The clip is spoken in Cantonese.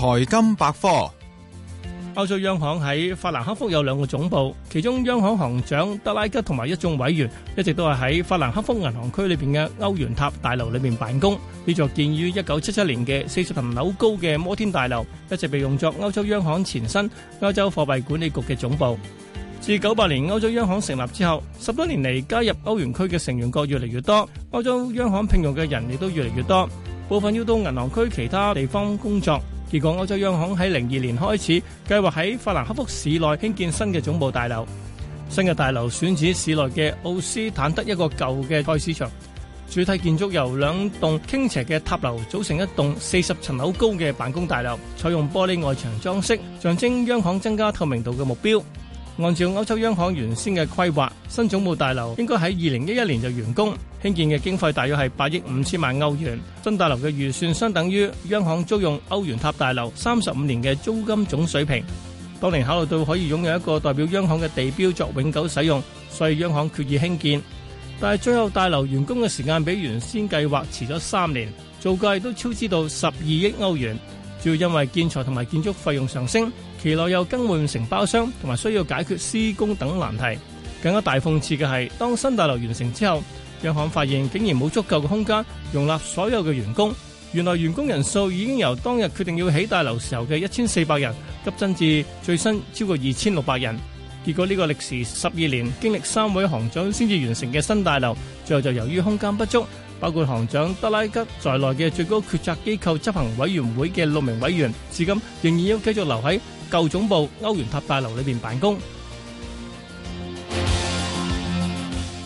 財金百科，歐洲央行喺法蘭克福有兩個總部，其中央行行長德拉吉同埋一眾委員一直都係喺法蘭克福銀行區裏邊嘅歐元塔大樓裏面辦公。呢座建於一九七七年嘅四十層樓高嘅摩天大樓一直被用作歐洲央行前身歐洲貨幣管理局嘅總部。自九八年歐洲央行成立之後，十多年嚟加入歐元區嘅成員國越嚟越多，歐洲央行聘用嘅人亦都越嚟越多，部分要到銀行區其他地方工作。結果，歐洲央行喺零二年開始計劃喺法蘭克福市內興建新嘅總部大樓。新嘅大樓選址市內嘅奧斯坦德一個舊嘅菜市場。主體建築由兩棟傾斜嘅塔樓組成一棟四十層樓高嘅辦公大樓，採用玻璃外牆裝飾，象徵央行增加透明度嘅目標。按照歐洲央行原先嘅規劃，新總部大樓應該喺二零一一年就完工，興建嘅經費大約係八億五千萬歐元。新大樓嘅預算相等於央行租用歐元塔大樓三十五年嘅租金總水平。當年考慮到可以擁有一個代表央行嘅地標作永久使用，所以央行決意興建。但係最後大樓完工嘅時間比原先計劃遲咗三年，造價都超支到十二億歐元。主要因為建材同埋建築費用上升，期內又更換承包商同埋需要解決施工等難題。更加大諷刺嘅係，當新大樓完成之後，央行發現竟然冇足夠嘅空間容納所有嘅員工。原來員工人數已經由當日決定要起大樓時候嘅一千四百人急增至最新超過二千六百人。結果呢個歷時十二年、經歷三位行長先至完成嘅新大樓，最後就由於空間不足，包括行長德拉吉在內嘅最高決策機構執行委員會嘅六名委員，至今仍然要繼續留喺舊總部歐元塔大樓裏面辦公。